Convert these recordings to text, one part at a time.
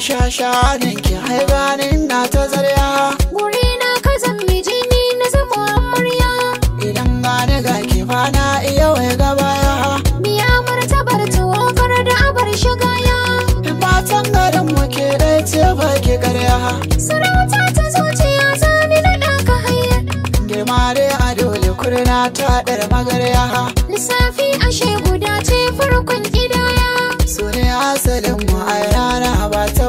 ki sha shanin ki ne na ta zarya guri na ka zammi jini na zama murya idan gane ga ki bana iya wai ta biya martabar tuwakar da abar ba matan garin mu ke dai ce ba ki garya sarauta ta zuciya zani na ka hayya girma dai a dole kurna ta dar magarya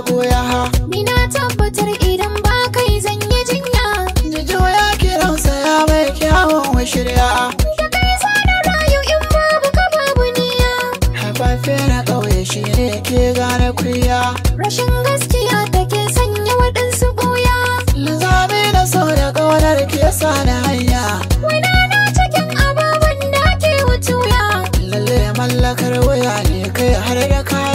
koya ha Nina tabbatar idan ba kai zan yi jinya Jijo ya kiran saya mai kyawun shirya Da kai sanar rayu in babu ka babu niya Haifafe na ƙauye shi ne ke gane kuya Rashin gaskiya take sanya waɗansu ɓuya Linzami da sau da ƙaunar ke sa da hanya Wani na cikin ababen da ke wuce Lalle mallakar waya ne kai har da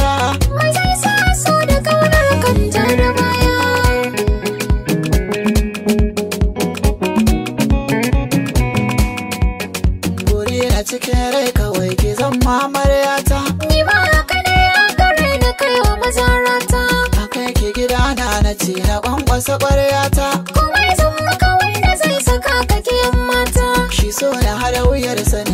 cikin rai kawai ki zan mamaryata ni ma haka ne a gare ni kai wa mazarata a kai ki gida na na ce na kwankwasa ƙwaryata komai zama kawai wanda zai saka ka kiyan mata shi so na hada wuyar sani